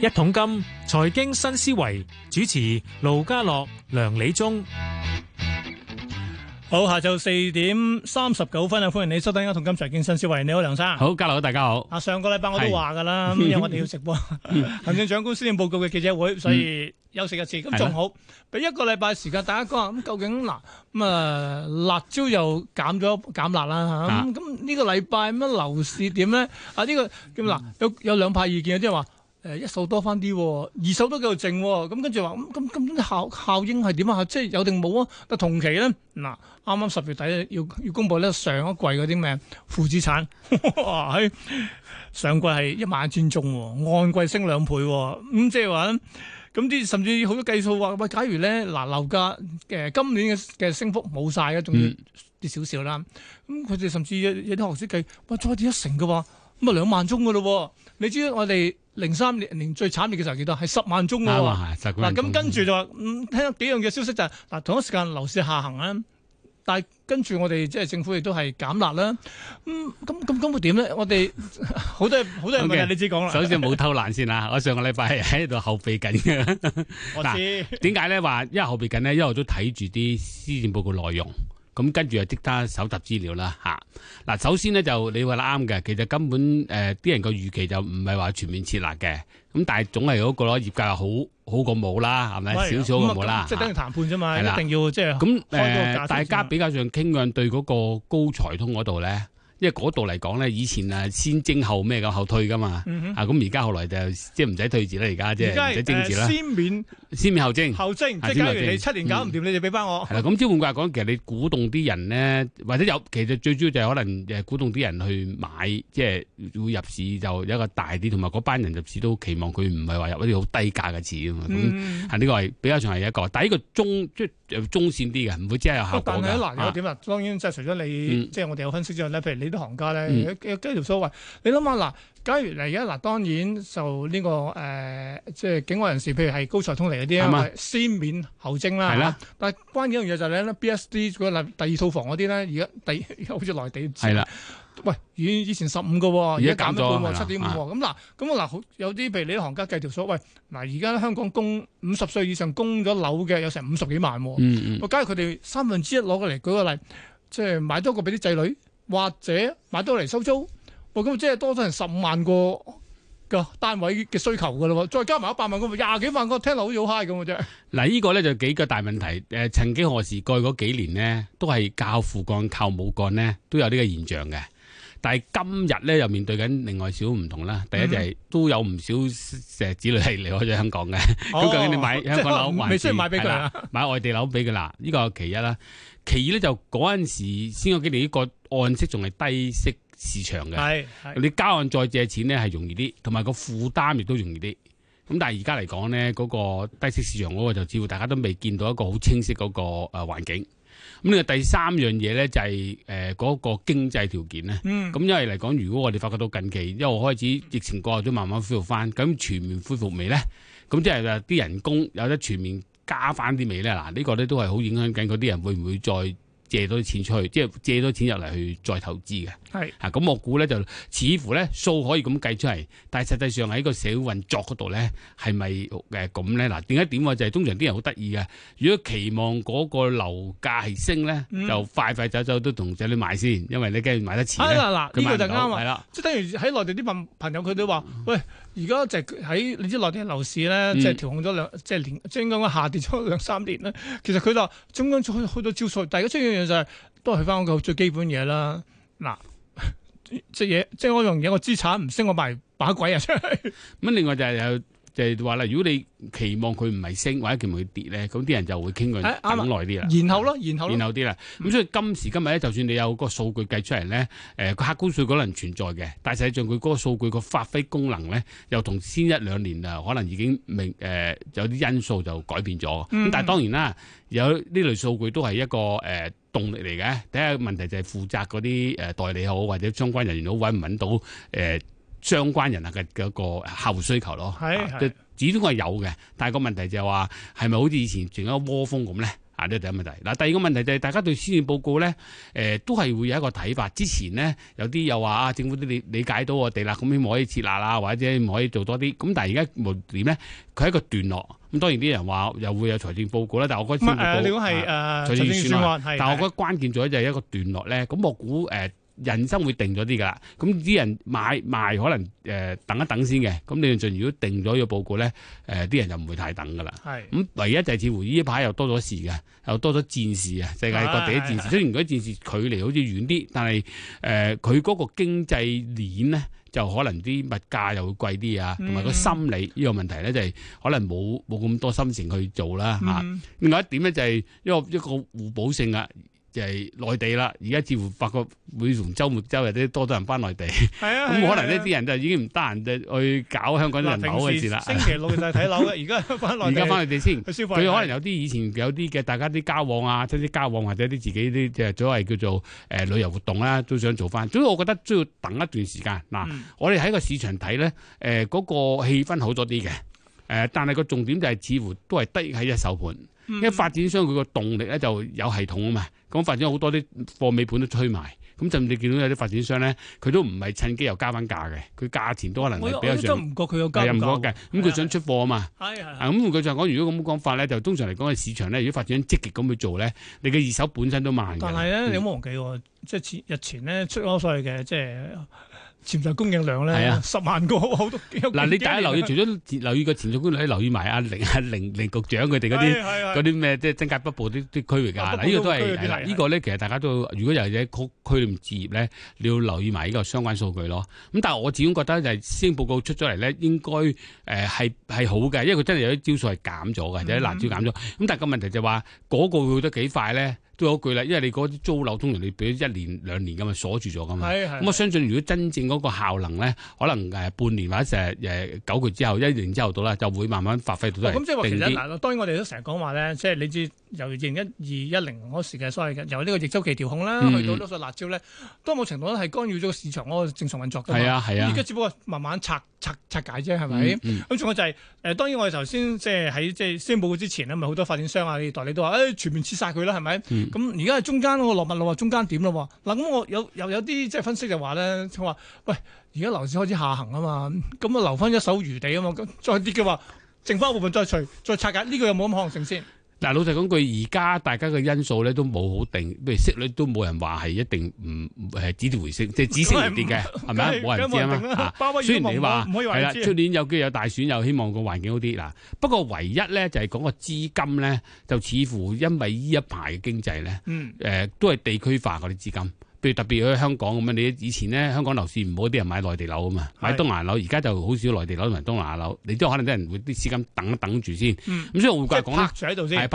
一桶金財經新思維主持：盧家樂、梁理中。好，下晝四點三十九分啊！歡迎你收聽《同金財見新思維》，你好，梁生，好，嘉樂，大家好。啊，上個禮拜我都話噶啦，是因為我哋要直播行政長官施政報告嘅記者會，所以休息一次，咁仲、嗯、好，俾的一個禮拜時間大家講下。咁究竟嗱咁啊辣椒又減咗減辣啦吓，咁的、啊、呢個禮拜咁啊樓市點咧？啊呢、這個咁嗱、啊，有有兩派意見，即係話。誒一手多翻啲，二手都幾多靜，咁跟住話咁咁咁啲效效應係點啊？即係有定冇啊？但同期咧，嗱啱啱十月底要要公佈咧，上一季嗰啲咩負資產喺上季係一萬一千宗，按季升兩倍，咁即係話咧，咁啲甚至好多計數話喂，假如咧嗱樓價誒今年嘅嘅升幅冇晒嘅，仲要跌少少啦，咁佢哋甚至有啲學者計，哇再跌一成嘅話，咁啊兩萬宗嘅咯喎。你知我哋零三年年最慘烈嘅時候幾多？係十萬宗啊。嗱咁、啊、跟住就，嗯，聽咗幾樣嘅消息就是，嗱、啊、同一時間樓市下行啦。但係跟住我哋即係政府亦都係減辣啦。咁咁咁咁會點咧？我哋好多 好多嘢問嘅，okay, 你自己講啦。首先冇偷懶先啦， 我上個禮拜喺度後備緊嘅。 我知。點解咧？話因為後備緊咧，因為我都睇住啲施政報告內容。咁跟住就即刻搜集資料啦嚇。嗱、啊，首先咧就你話得啱嘅，其實根本誒啲、呃、人個預期就唔係話全面設立嘅。咁但係總係嗰、那個咯，業界係好好過冇啦，係咪？的少少好過冇啦。的即係等於談判啫嘛，的一定要即係。咁、嗯呃、大家比較上傾向對嗰個高才通嗰度咧。因為嗰度嚟講咧，以前啊先徵後咩咁後退噶嘛，咁而家後來就即係唔使退字啦，而家即係唔使徵字啦。先免先免後徵，後假如你七年搞唔掂，嗯、你就俾翻我。咁招換句話講，其實你鼓動啲人咧，或者有，其實最主要就係可能誒鼓動啲人去買，即、就、係、是、會入市就有一個大啲，同埋嗰班人入市都期望佢唔係話入一啲好低價嘅字啊嘛。咁呢、嗯、個係比較上係一個。但係個中即係中,中線啲嘅，唔會即係有效果嘅。啊、但係難嘅點當然即係除咗你即係我哋有分析之外咧，譬如你。你啲、嗯、行家咧，計條數喂，你諗下嗱，假如嚟而家嗱，當然就呢、這個誒、呃，即係境外人士，譬如係高才通嚟嗰啲啊，嗎先免後徵啦。係啦嗎，但係關鍵一樣嘢就係、是、咧，B S D 嗰個第二套房嗰啲咧，而家第而家好似內地係啦。的喂，以前十五個，而家減咗半喎，七點五喎。咁嗱，咁嗱，有啲譬,譬如你啲行家計條數喂，嗱而家香港供五十歲以上供咗樓嘅有成五十幾萬。嗯，假如佢哋三分之一攞過嚟，舉個例，即係買多個俾啲仔女。或者買到嚟收租，咁即係多咗成十五萬個嘅單位嘅需求噶啦，再加埋一百萬個，廿幾萬個聽落好似好 high 咁嘅啫。嗱，呢個咧就幾個大問題。誒，曾經何時，過去嗰幾年呢，都係靠父幹靠母幹呢，都有呢個現象嘅。但係今日咧又面對緊另外少唔同啦。第一、嗯、就係都有唔少石子女係離開咗香港嘅，咁、哦、 究竟你買香港樓、哦就是、買，唔係需要買俾佢啊？買外地樓俾佢啦。呢、這個係其一啦。其二咧就嗰陣時先嗰幾年呢個。按息仲係低息市場嘅，係你交按再借錢咧，係容易啲，同埋個負擔亦都容易啲。咁但係而家嚟講咧，嗰、那個低息市場嗰個就似乎大家都未見到一個好清晰嗰個誒環境。咁呢個第三樣嘢咧就係誒嗰個經濟條件咧。咁、嗯、因為嚟講，如果我哋發覺到近期因為我開始疫情過咗，都慢慢恢復翻，咁全面恢復未咧？咁即係啲人工有得全面加翻啲未咧？嗱，呢個咧都係好影響緊，嗰啲人會唔會再？借多啲錢出去，即係借多啲錢入嚟去再投資嘅。係是啊，咁我估咧就似乎咧數可以咁計出嚟，但係實際上喺個社會運作嗰度咧，係咪誒咁咧？嗱、呃，點解點就係通常啲人好得意嘅，如果期望嗰個樓價係升咧，嗯、就快快走走都同仔女買先，因為你梗驚買得遲咧。呢買就啱啊，即、啊、係了等於喺內地啲朋朋友佢哋話，嗯、喂，而家就喺你知內地樓市咧，即係調控咗兩，即、就、係、是、連即係、就是就是、下跌咗兩三年啦。其實佢就中間去到多招數，但係最緊要嘢就係都係翻嗰個最基本嘢啦。嗱。即嘢，即係嗰樣嘢，我資產唔升，我賣把鬼啊出去。咁另外就係有。就係話啦，如果你期望佢唔係升或者期望佢跌咧，咁啲人就會傾佢等耐啲啦。然後咯，然後然後啲啦。咁、嗯、所以今時今日咧，就算你有個數據計出嚟咧，誒個客觀稅可能存在嘅，但係實際上佢嗰個數據個發揮功能咧，又同先一兩年啊，可能已經明誒、呃、有啲因素就改變咗。咁、嗯、但係當然啦，有呢類數據都係一個誒、呃、動力嚟嘅。第一個問題就係負責嗰啲誒代理好或者相關人員好揾唔揾到誒。呃呃相關人啊嘅嘅一個客戶需求咯，係是，始終係有嘅。但係個問題就係話，係咪好似以前成一窩蜂咁咧？啊，呢個第一問題。嗱，第二個問題就係、是、大家對施政報告咧，誒、呃、都係會有一個睇法。之前呢，有啲又話啊，政府都理理解到我哋啦，咁希望可以設立啦，或者唔可以做多啲。咁但係而家冇點咧？佢係一個段落。咁當然啲人話又會有財政報告啦。但係我覺得誒、啊，你係、啊、財政説話，但係我覺得關鍵在就係一個段落咧。咁我估誒。呃人生會定咗啲噶，咁啲人買賣,賣可能誒等一等先嘅。咁你永如果定咗呢個報告咧，誒、呃、啲人就唔會太等噶啦。係咁是唯一就係似乎呢一排又多咗事嘅，又多咗戰事啊，世界各地戰事，啊、雖然嗰戰事距離好似遠啲，但係誒佢嗰個經濟鏈咧，就可能啲物價又會貴啲啊，同埋個心理呢個問題咧，就係、是、可能冇冇咁多心情去做啦嚇。啊啊嗯、另外一點咧，就係一個一個互補性啊。係內地啦，而家似乎發覺每逢周末周日都多多人翻內地，咁可能呢啲人就已經唔得閒去搞香港人樓嘅事啦。時啊、星期六就睇樓嘅，而家翻內地先地。佢可能有啲以前有啲嘅大家啲交往啊，即係啲交往或者啲自己啲嘅所謂叫做誒、呃、旅遊活動啦、啊，都想做翻。所以我覺得都要等一段時間。嗱、呃，嗯、我哋喺個市場睇咧，誒、呃、嗰、那個氣氛好咗啲嘅，誒，但係個重點就係似乎都係得喺一手盤，嗯、因為發展商佢個動力咧就有系統啊嘛，咁發展好多啲貨尾盤都推埋，咁甚至見到有啲發展商咧，佢都唔係趁機又加翻價嘅，佢價錢都可能係比較上。我我唔覺佢有加價。唔覺嘅，咁佢想出貨啊嘛。係啊，啊咁佢就講，如果咁講法咧，就通常嚟講嘅市場咧，如果發展商積極咁去做咧，你嘅二手本身都慢，但係咧，的你冇忘記喎、嗯，即係前日前咧出咗所嘅即係。潛在供應量咧，係啊，十萬個好好多。嗱，你大家留意，除咗留意個潛在供應量，可以留意埋阿凌阿凌凌局長佢哋嗰啲嗰啲咩，即係邊界北部啲啲區域噶。呢個都係呢個咧，其實大家都如果又係喺區區裏置業咧，你要留意埋呢個相關數據咯。咁但係我始終覺得就係施政報告出咗嚟咧，應該誒係係好嘅，因為佢真係有啲招數係減咗嘅，或者辣招減咗。咁但係個問題就話嗰個會得幾快咧？都嗰句啦，因為你嗰啲租樓通常你俾一年兩年咁啊鎖住咗噶嘛。咁的我相信如果真正嗰個效能咧，可能誒半年或者成誒九個月之後，一年之後到啦，就會慢慢發揮到咁、哦、即係話其實嗱，當然我哋都成日講話咧，即係你知由 10, 二零一二一零嗰時嘅所謂嘅由呢個逆周期調控啦，嗯、去到多數辣椒咧，都冇程度咧係干擾咗個市場嗰個正常運作㗎啊係啊。嗯、而家只不過慢慢拆拆拆解啫，係咪？咁仲有就係誒，當然我哋頭先即係喺即係宣布之前咧，咪好多發展商啊、啲代理都話誒、哎，全面切殺佢啦，係咪？嗯咁而家係中間，我落物落中間點啦。嗱，咁我有又有啲即係分析就話咧，佢、就、話、係：喂，而家樓市開始下行啊嘛，咁啊留翻一手餘地啊嘛，咁再跌嘅話，剩翻一部分再除再拆解，呢、這個有冇咁可能性先？嗱，老實講句，而家大家嘅因素咧都冇好定，譬如息率都冇人話係一定唔係止跌回升，即係止升啲嘅，係咪然？冇然人知啊。然包包雖然你話係啦，出年有機有大選，又希望個環境好啲。嗱，不過唯一咧就係講個資金咧，就似乎因為呢一排嘅經濟咧，誒、嗯，都係地區化嗰啲資金。譬如特別去香港咁啊是，你以前咧香港樓市唔好，啲人買內地樓啊嘛，買東南亞樓，而家就好少內地樓同埋東南亞樓，你都可能啲人會啲資金等一等住先，咁、嗯、所以我會講，係趴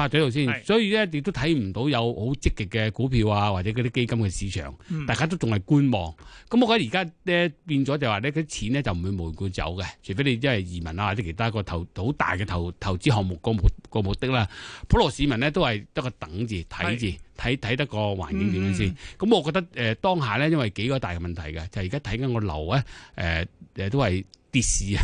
住喺度先，所以咧你都睇唔到有好積極嘅股票啊，或者嗰啲基金嘅市場，大家都仲係觀望。咁、嗯、我覺得而家咧變咗就話呢啲錢咧就唔會無故走嘅，除非你即係移民啊或者其他個投好大嘅投投資項目個目個目的啦。普羅市民咧都係得個等字睇字。睇睇得個環境點樣先，咁、嗯、我覺得誒、呃、當下咧，因為幾個大嘅問題嘅，就而家睇緊個樓咧，誒、呃、誒都係跌市啊，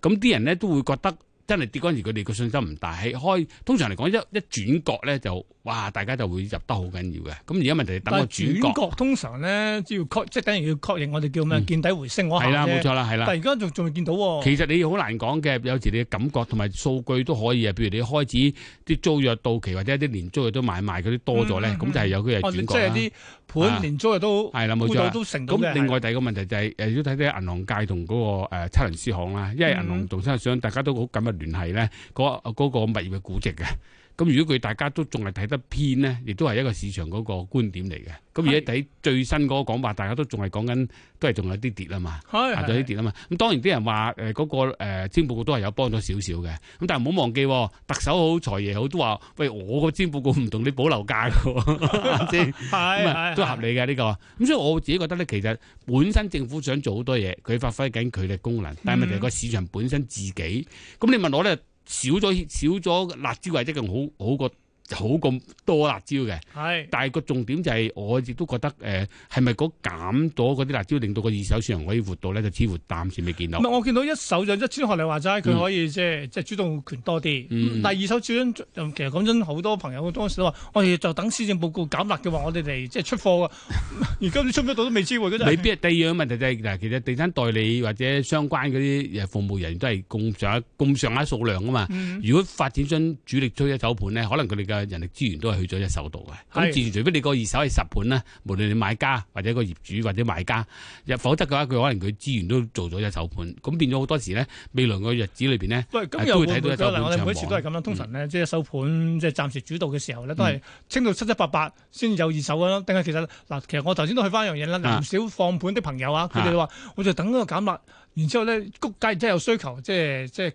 咁、嗯、啲人咧都會覺得真係跌陣時佢哋個信心唔大，係開通常嚟講一一轉角咧就。哇！大家就會入得好緊要嘅，咁而家問題等個轉角。轉角通常咧，要確即係等於要確認我哋叫咩見底回升。我係啦，冇錯啦，係啦。但係而家仲仲未見到喎。其實你好難講嘅，有時你嘅感覺同埋數據都可以啊。譬如你開始啲租約到期或者一啲連租約都買賣嗰啲多咗咧，咁就係有佢係轉角。即係啲盤連租約都估到都成咁。另外第二個問題就係誒要睇啲銀行界同嗰個測量師行啦，因為銀行同測量師大家都好緊密聯繫咧，嗰嗰個物業嘅估值嘅。咁如果佢大家都仲係睇得偏咧，亦都係一個市場嗰個觀點嚟嘅。咁是而家睇最新嗰個講法，大家都仲係講緊，都係仲有啲跌啊嘛，係有啲跌啊嘛。咁當然啲人話誒嗰個誒施政報告都係有幫咗少少嘅。咁但係唔好忘記，特首好財爺好都話，喂我個施政報告唔同你保樓價嘅喎，係都合理嘅呢、這個。咁所以我自己覺得咧，其實本身政府想做好多嘢，佢發揮緊佢嘅功能，但係問題個市場本身自己，咁、嗯、你問我咧？少咗，少咗辣椒為質嘅好好過。好咁多辣椒嘅，是但係個重點就係我亦都覺得誒，係咪嗰減咗嗰啲辣椒，令到個二手市場可以活到咧？就似乎暫時未見到。唔係，我見到一手就一千學你話齋，佢可以、嗯、即係即係主動權多啲。嗯、但係二手轉，其實講真，好多朋友當時都就話：我哋就等施政報告減辣嘅話，我哋嚟即係出貨啊！而家你出唔到都未知喎，未必係第二樣問題就係、是、嗱，其實地產代理或者相關嗰啲誒服務人員都係供上咗供上咗數量啊嘛。嗯、如果發展商主力推一手盤咧，可能佢哋嘅。人力資源都係去咗一手度嘅，咁是自然除非你個二手係實盤啦，無論你買家或者個業主或者買家，又否則嘅話，佢可能佢資源都做咗一手盤，咁變咗好多時咧，未來個日子裏邊咧，都、啊、會睇到咗。嗱，我哋每次都係咁啦，通常咧即係一手盤即係暫時主導嘅時候咧，都係清到七七八八先有二手咯，定係、嗯、其實嗱，其實我頭先都去翻樣嘢啦，唔少放盤啲朋友啊，佢哋話我就等個減壓，然之後咧谷價然之後有需求，即係即係。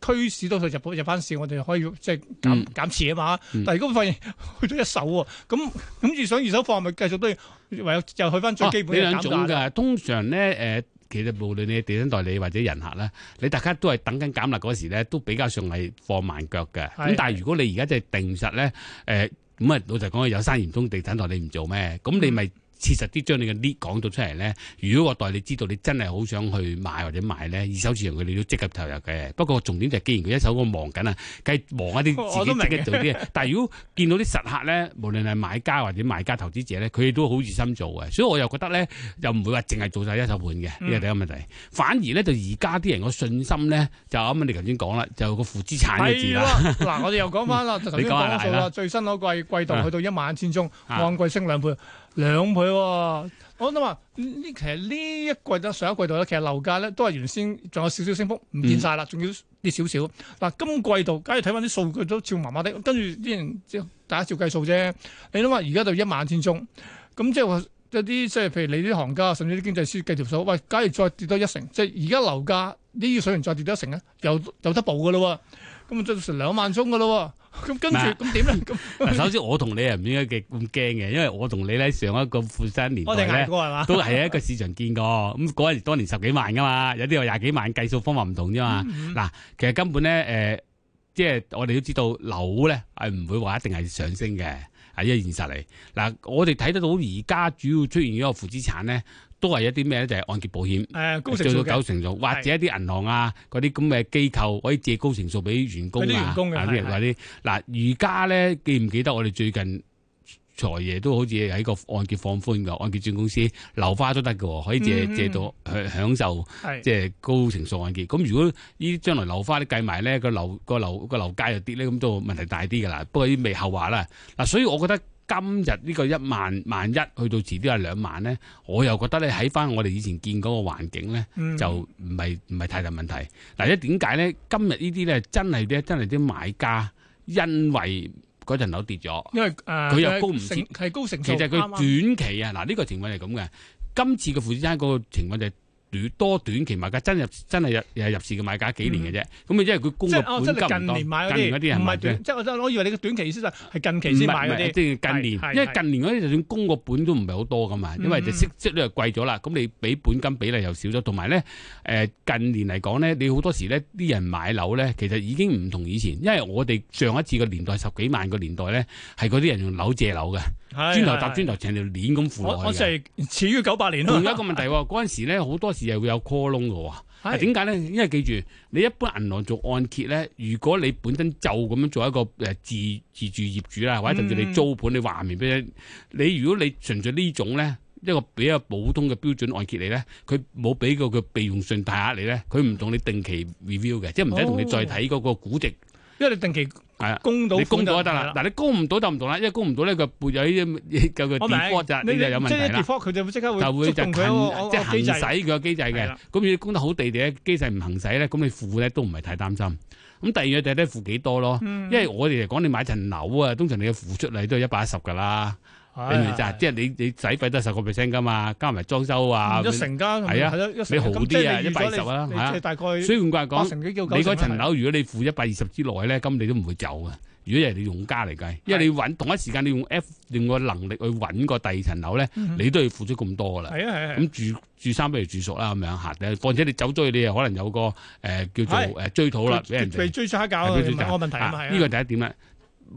驅使，多數入入翻市，我哋可以即係減減持啊嘛。嗯、但係如果發現去咗一手喎，咁住上二手貨咪繼續都要唯有又去翻最基本嘅減。呢、啊、兩種嘅通常咧，誒、呃、其實無論你地產代理或者人客啦，你大家都係等緊減壓嗰時咧，都比較上係放慢腳嘅。咁的但係如果你而家即係定實咧，誒咁啊老實講，有生意通地產代理唔做咩？咁你咪。嗯切實啲將你嘅啲講到出嚟咧。如果我代理，知道你真係好想去買或者買咧二手市場，佢哋都即刻投入嘅。不過重點就係，既然佢一手咁忙緊啊，梗忙一啲自己即刻做啲嘢。但係如果見到啲實客咧， 無論係買家或者賣家投資者咧，佢哋都好熱心做嘅。所以我又覺得咧，又唔會話淨係做晒一手盤嘅呢個第一問題。反而咧，就而家啲人個信心咧，就啱啱你頭先講啦，就個負資產嘅字啦。嗱，我哋又講翻啦， 你先講咗最新嗰季季度去到一萬一千宗，按季升兩倍。 兩倍喎、啊，我諗話呢其實呢一季得，上一季度咧，其實樓價咧都係原先仲有少少升幅，唔見晒啦，仲要跌少少。嗱、嗯、今季度，假如睇翻啲數據都照麻麻地，跟住啲人即大家照計數啫。你諗下，而家就一萬千宗，咁即係話有啲即係譬如你啲行家，甚至啲經濟師計條數，喂，假如再跌多一成，即係而家樓價呢啲水平再跌多一成咧，又有有得補噶咯喎，咁即係成兩萬宗噶咯喎。咁 跟住咁點咧？ 首先 我同你唔應該咁驚嘅，因為我同你喺上一個負資產年代咧， 都係一個市場見過。咁嗰時當年十幾萬㗎嘛，有啲話廿幾萬，計數方法唔同啫嘛。嗱， 其實根本咧，誒、呃，即、就、係、是、我哋都知道樓咧係唔會話一定係上升嘅，係一現實嚟。嗱，我哋睇得到而家主要出現一個負資產咧。都係一啲咩咧？就係、是、按揭保險，誒高成數嘅，九成數的或者一啲銀行啊，嗰啲咁嘅機構可以借高成數俾員工啊，工或者嗱，而家咧記唔記得我哋最近財爺都好似喺個按揭放寬嘅，按揭轉公司樓花都得嘅，可以借借到、嗯嗯、享受即係高成數按揭。咁如果呢將來樓花都計埋咧，個樓個樓個樓價又跌咧，咁都問題大啲嘅啦。不過依未後話啦，嗱，所以我覺得。今日呢個一萬萬一去到遲啲係兩萬咧，我又覺得咧喺翻我哋以前見嗰個環境咧，就唔係唔係太大問題。嗱，一點解咧？今日呢啲咧真係咧，真係啲買家因為嗰陣樓跌咗，因為佢、uh, 又高唔切，係高成，其實佢短期啊，嗱呢剛個情況係咁嘅。今次嘅負資產嗰個情況就係。多短期買家真入真係入市嘅買家幾年嘅啫，咁啊因為佢供個本金唔多，近年買嗰啲唔係短，即係我以為你嘅短期意思就係近期先買嗰啲，即、就係、近年，因為近年嗰啲就算供個本都唔係好多噶嘛，因為就息息率就貴咗啦，咁你俾本金比例又少咗，同埋咧誒近年嚟講咧，你好多時咧啲人買樓咧，其實已經唔同以前，因為我哋上一次嘅年代十幾萬嘅年代咧，係嗰啲人用樓借樓嘅，磚頭搭磚頭成條鏈咁附落去嘅。我我始於九八年仲有一個問題喎，嗰陣時咧好多。事係會有 call loan 嘅，點解咧？因為記住，你一般銀行做按揭咧，如果你本身就咁樣做一個誒自自住業主啦，或者甚至你租盤，你還完俾你，嗯、你如果你純粹呢種咧，一個比較普通嘅標準按揭你咧，佢冇俾過佢備用信貸額你咧，佢唔同你定期 review 嘅，即係唔使同你再睇嗰、嗰個估值，哦、因為你定期。係啊，供到 你供到就得啦。嗱、嗯，你供唔到就唔同啦，因為供唔到咧，佢撥咗啲嘅個跌波就你就有問題啦。即係佢就會即刻會觸即佢行使佢個機制嘅。咁如果你供得好地地咧，機制唔行使咧，咁你負咧都唔係太擔心。咁第二個就係咧負幾多咯。嗯、因為我哋嚟講，你買層樓啊，通常你嘅付出嚟都係一百一十噶啦。你咪就係，即係你你使費得十個 percent 㗎嘛，加埋裝修啊，換成間係啊，你好啲啊，一百二十啊，啦嚇。所以換句話講，你嗰層樓如果你負一百二十之內咧，咁你都唔會走嘅。如果你用家嚟計，因為你揾同一時間你用 F，用個能力去揾個第二層樓咧，你都要付出咁多㗎啦。咁住住三倍住熟啦咁樣嚇，況且你走咗你又可能有個誒叫做誒追討啦，俾人追差價，唔係我問題啊嘛。呢個第一點啦，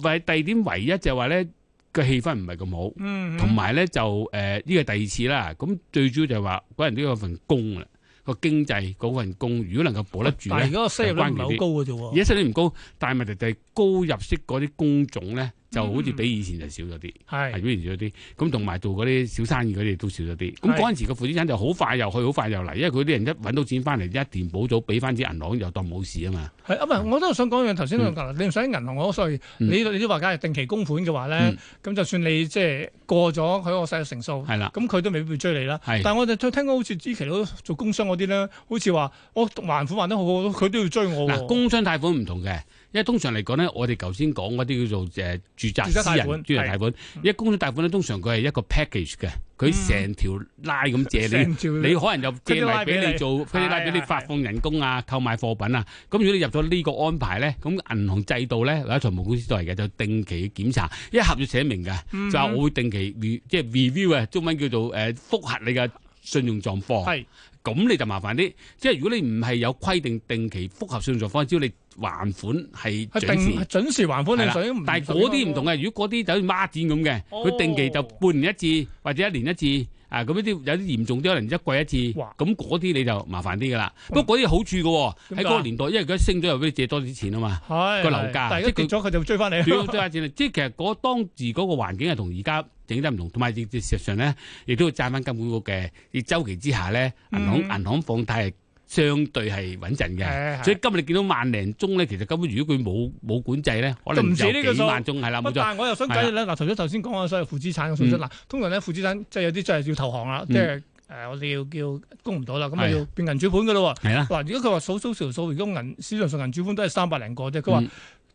唯第二點唯一就係話咧。個氣氛唔係咁好，同埋咧就誒呢個第二次啦。咁最主要就係話嗰人都有份工啊，個經濟嗰份工如果能夠保得住，但係而家個失業率唔係好高嘅啫喎，而家失業率唔高，但係問題就係高入息嗰啲工種咧。就好似比以前就少咗啲，係是少咗啲。咁同埋做嗰啲小生意嗰啲都少咗啲。咁嗰陣時個負資產就好快又去，好快又嚟，因為佢啲人一揾到錢翻嚟，一填補咗，俾翻啲銀行又當冇事啊嘛。係，唔係？我都想講樣頭先個銀行，你唔使銀行攞稅？你你都話梗係定期供款嘅話咧，咁、嗯、就算你即係過咗佢個細數成數，咁佢、嗯、都未必追你啦。的但係我就聽講好似之前做工商嗰啲咧，好似話我還款還得好好，佢都要追我。工商貸款唔同嘅。因為通常嚟講咧，我哋頭先講嗰啲叫做誒住宅私人住宅貸款，的因為公司貸款咧，通常佢係一個 package 嘅，佢成條拉咁借你，嗯、你可能就借埋俾你做，借啲拉俾你，你發放人工啊，的購買貨品啊。咁如果你入咗呢個安排咧，咁銀行制度咧，或者財務公司都係嘅，就定期檢查，一合約寫明嘅，就話我會定期即係 review 啊，中文叫做誒複核你嘅信用狀況。咁的的你就麻煩啲，即係如果你唔係有規定定期複核信用狀況，只要你還款係準時，準時還款係水。但係嗰啲唔同嘅，如果嗰啲就好似孖展咁嘅，佢定期就半年一次或者一年一次，啊咁呢啲有啲嚴重啲可能一季一次。咁嗰啲你就麻煩啲㗎啦。不過嗰啲好處嘅喎，喺嗰個年代，因為佢升咗又俾你借多啲錢啊嘛。個樓價，但係一跌咗佢就追翻你。追多啲錢。即係其實嗰當時嗰個環境係同而家整得唔同，同埋事實上咧，亦都要賺翻根本嘅。你週期之下咧，銀行銀行放貸相對係穩陣嘅，所以今日你見到萬零宗咧，其實根本如果佢冇冇管制咧，可能有幾萬宗係啦，冇錯。但係我又想解釋咧，嗱，頭先頭先講啊，所有負資產嘅數出，嗱，通常咧負資產即係有啲真係要投降啦，即係誒，我哋要叫供唔到啦，咁啊要變銀主盤嘅咯喎。係啦，嗱，如果佢話數數條數，如果銀市場上銀主盤都係三百零個啫，佢話。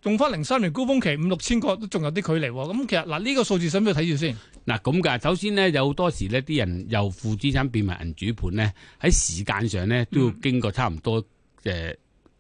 仲翻零三年高峰期五六千個都仲有啲距離，咁其實嗱呢、這個數字使唔使睇住先？嗱咁㗎，首先呢，有好多時呢啲人由負資產變為銀主盤咧，喺時間上呢都要經過差唔多誒、嗯呃，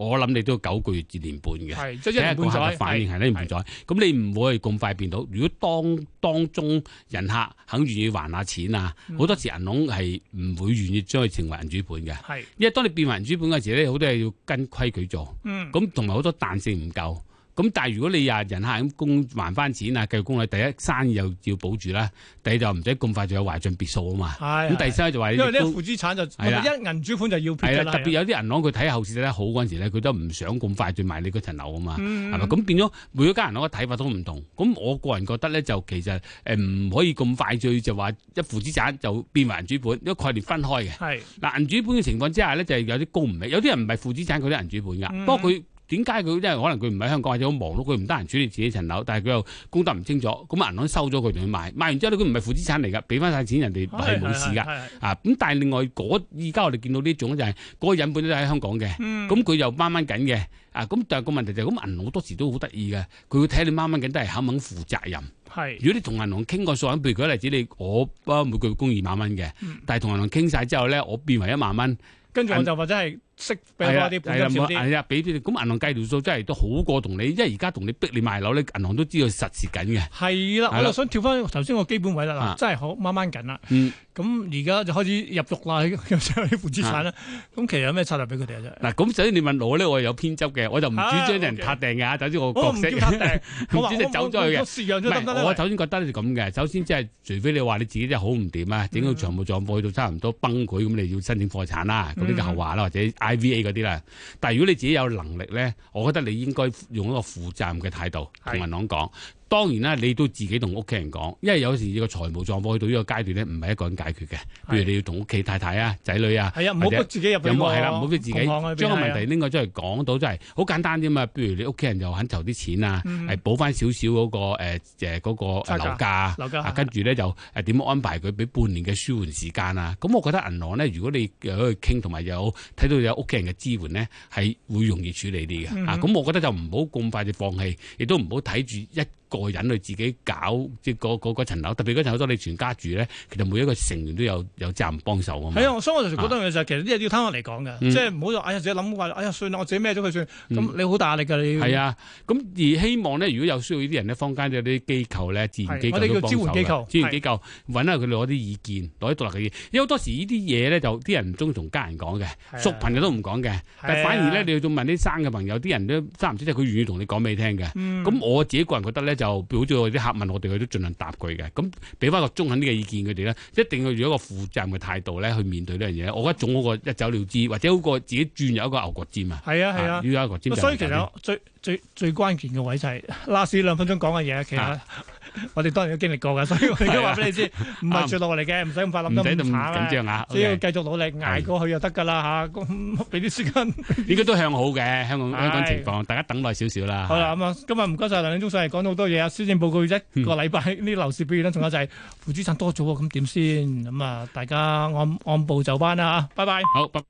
我諗你都九個月至年半嘅。即一年半在，反應係一唔在。咁是你唔會咁快變到。如果當當中人客肯願意還下錢啊，好、嗯、多時銀行係唔會願意將佢成為銀主盤嘅。係是，是因為當你變為銀主盤嘅時咧，好多嘢要跟規矩做。咁同埋好多彈性唔夠。咁但係如果你啲人客咁供還翻錢啊，繼續供你，第一生意又要保住啦，第二就唔使咁快就有懷進別墅啊嘛。咁、哎、呀 第三就話因為啲負資產就係啊，的一銀主盤就要撇啦。特別有啲銀行佢睇後市睇得好嗰陣時咧，佢都唔想咁快再賣你嗰層樓啊嘛。係咪？咁、嗯、變咗每一間銀行嘅睇法都唔同。咁我個人覺得咧，就其實誒唔可以咁快最就話一負資產就變為銀主盤，呢個概念分開嘅。嗱銀主盤嘅情況之下咧，就係有啲供唔起，有啲人唔係負資產佢啲銀主盤㗎，不過佢。點解佢因為可能佢唔喺香港或者好忙碌，佢唔得閒處理自己層樓，但係佢又供得唔清楚，咁啊銀行收咗佢同佢賣，賣完之後咧佢唔係負資產嚟噶，俾翻晒錢人哋係冇事噶，是是是是是啊，咁但係另外嗰而家我哋見到呢種就係、是、嗰、個人本都喺香港嘅，咁佢又掹掹緊嘅，啊咁但係個問題就係咁銀行好多時都好得意嘅，佢會睇你掹掹緊都係肯唔肯負責任，係是，如果你同銀行傾個數，譬如舉個例子，你我啊每個月供二萬蚊嘅，嗯、但係同銀行傾晒之後咧，我變為一萬蚊，跟住我就話真係。識俾多啲，俾少啲。係啊，俾啲咁銀行計條數，真係都好過同你。因為而家同你逼你賣樓，呢銀行都知道實時緊嘅。係啦，我就想跳翻頭先個基本位啦，嗱，真係好掹掹緊啦。咁而家就開始入肉啦，入咗啲負資產啦。咁其實有咩策略俾佢哋啊？啫。嗱，咁首先你問我咧，我有偏執嘅，我就唔主張人拍定嘅。首先我我唔叫拍定，我走咗去嘅。我首先覺得係咁嘅。首先即係除非你話你自己真係好唔掂啊，整個財務狀況去到差唔多崩潰咁，你要申請破產啦。咁呢個後話啦，或者。I V A 嗰啲啦，但係如果你自己有能力咧，我覺得你應該用一個負責任嘅態度同銀行講。是當然啦，你都自己同屋企人講，因為有時你個財務狀況去到呢個階段咧，唔係一個人解決嘅。譬如你要同屋企太太啊、仔女啊，係啊，唔好逼自己入房，係啦，唔好逼自己將個問題拎個出嚟講到，真係好簡單啫嘛。譬如你屋企人又肯投啲錢啊，係補翻少少嗰個誒誒嗰個樓價，跟住咧就誒點樣安排佢俾半年嘅舒緩時間啊。咁我覺得銀行咧，如果你去傾，同埋有睇到有屋企人嘅支援咧，係會容易處理啲嘅啊。咁我覺得就唔好咁快就放棄，亦都唔好睇住一個人去自己搞即係嗰嗰嗰層樓，特別嗰層好多你全家住咧，其實每一個成員都有有責任幫手啊嘛。係啊，所以我就覺得其實啲嘢要攤開嚟講嘅，即係唔好話哎呀自己諗話，哎呀算啦，我自己孭咗佢算，咁你好大壓力㗎你。係啊，咁而希望咧，如果有需要呢啲人咧，坊間有啲機構咧，自然機構，我哋叫支援機構，支援機構揾下佢攞啲意見，攞啲獨立嘅意見，因為好多時呢啲嘢咧就啲人唔中意同家人講嘅，熟朋友都唔講嘅，但反而咧你要仲問啲生嘅朋友，啲人都三唔知四，佢願意同你講俾你聽嘅。咁我自己個人覺得咧。就好似啲客問我哋，佢都盡量答佢嘅。咁俾翻個中肯啲嘅意見佢哋咧，一定要用一個負責任嘅態度咧去面對呢樣嘢。我覺得總好過一走了之，或者好過自己轉入一個牛角尖啊。係啊，係啊，要入牛角尖。所以其實最、啊、最最，最關鍵嘅位就係 last 兩分鐘講嘅嘢，其實。我哋當然都經歷過噶，所以我而家話俾你知，唔係跌落嚟嘅，唔使咁快諗得咁慘啊！緊張啊！只要繼續努力捱過去就得噶啦吓，咁俾啲時間。應該都向好嘅，香港香港情況，大家等耐少少啦。好啦，咁啊，今日唔該晒梁理中，所以講咗好多嘢啊，施政報告啫，個禮拜呢樓市表現仲有就係負資產多咗，咁點先？咁啊，大家按按部就班啦吓，拜拜。好，不。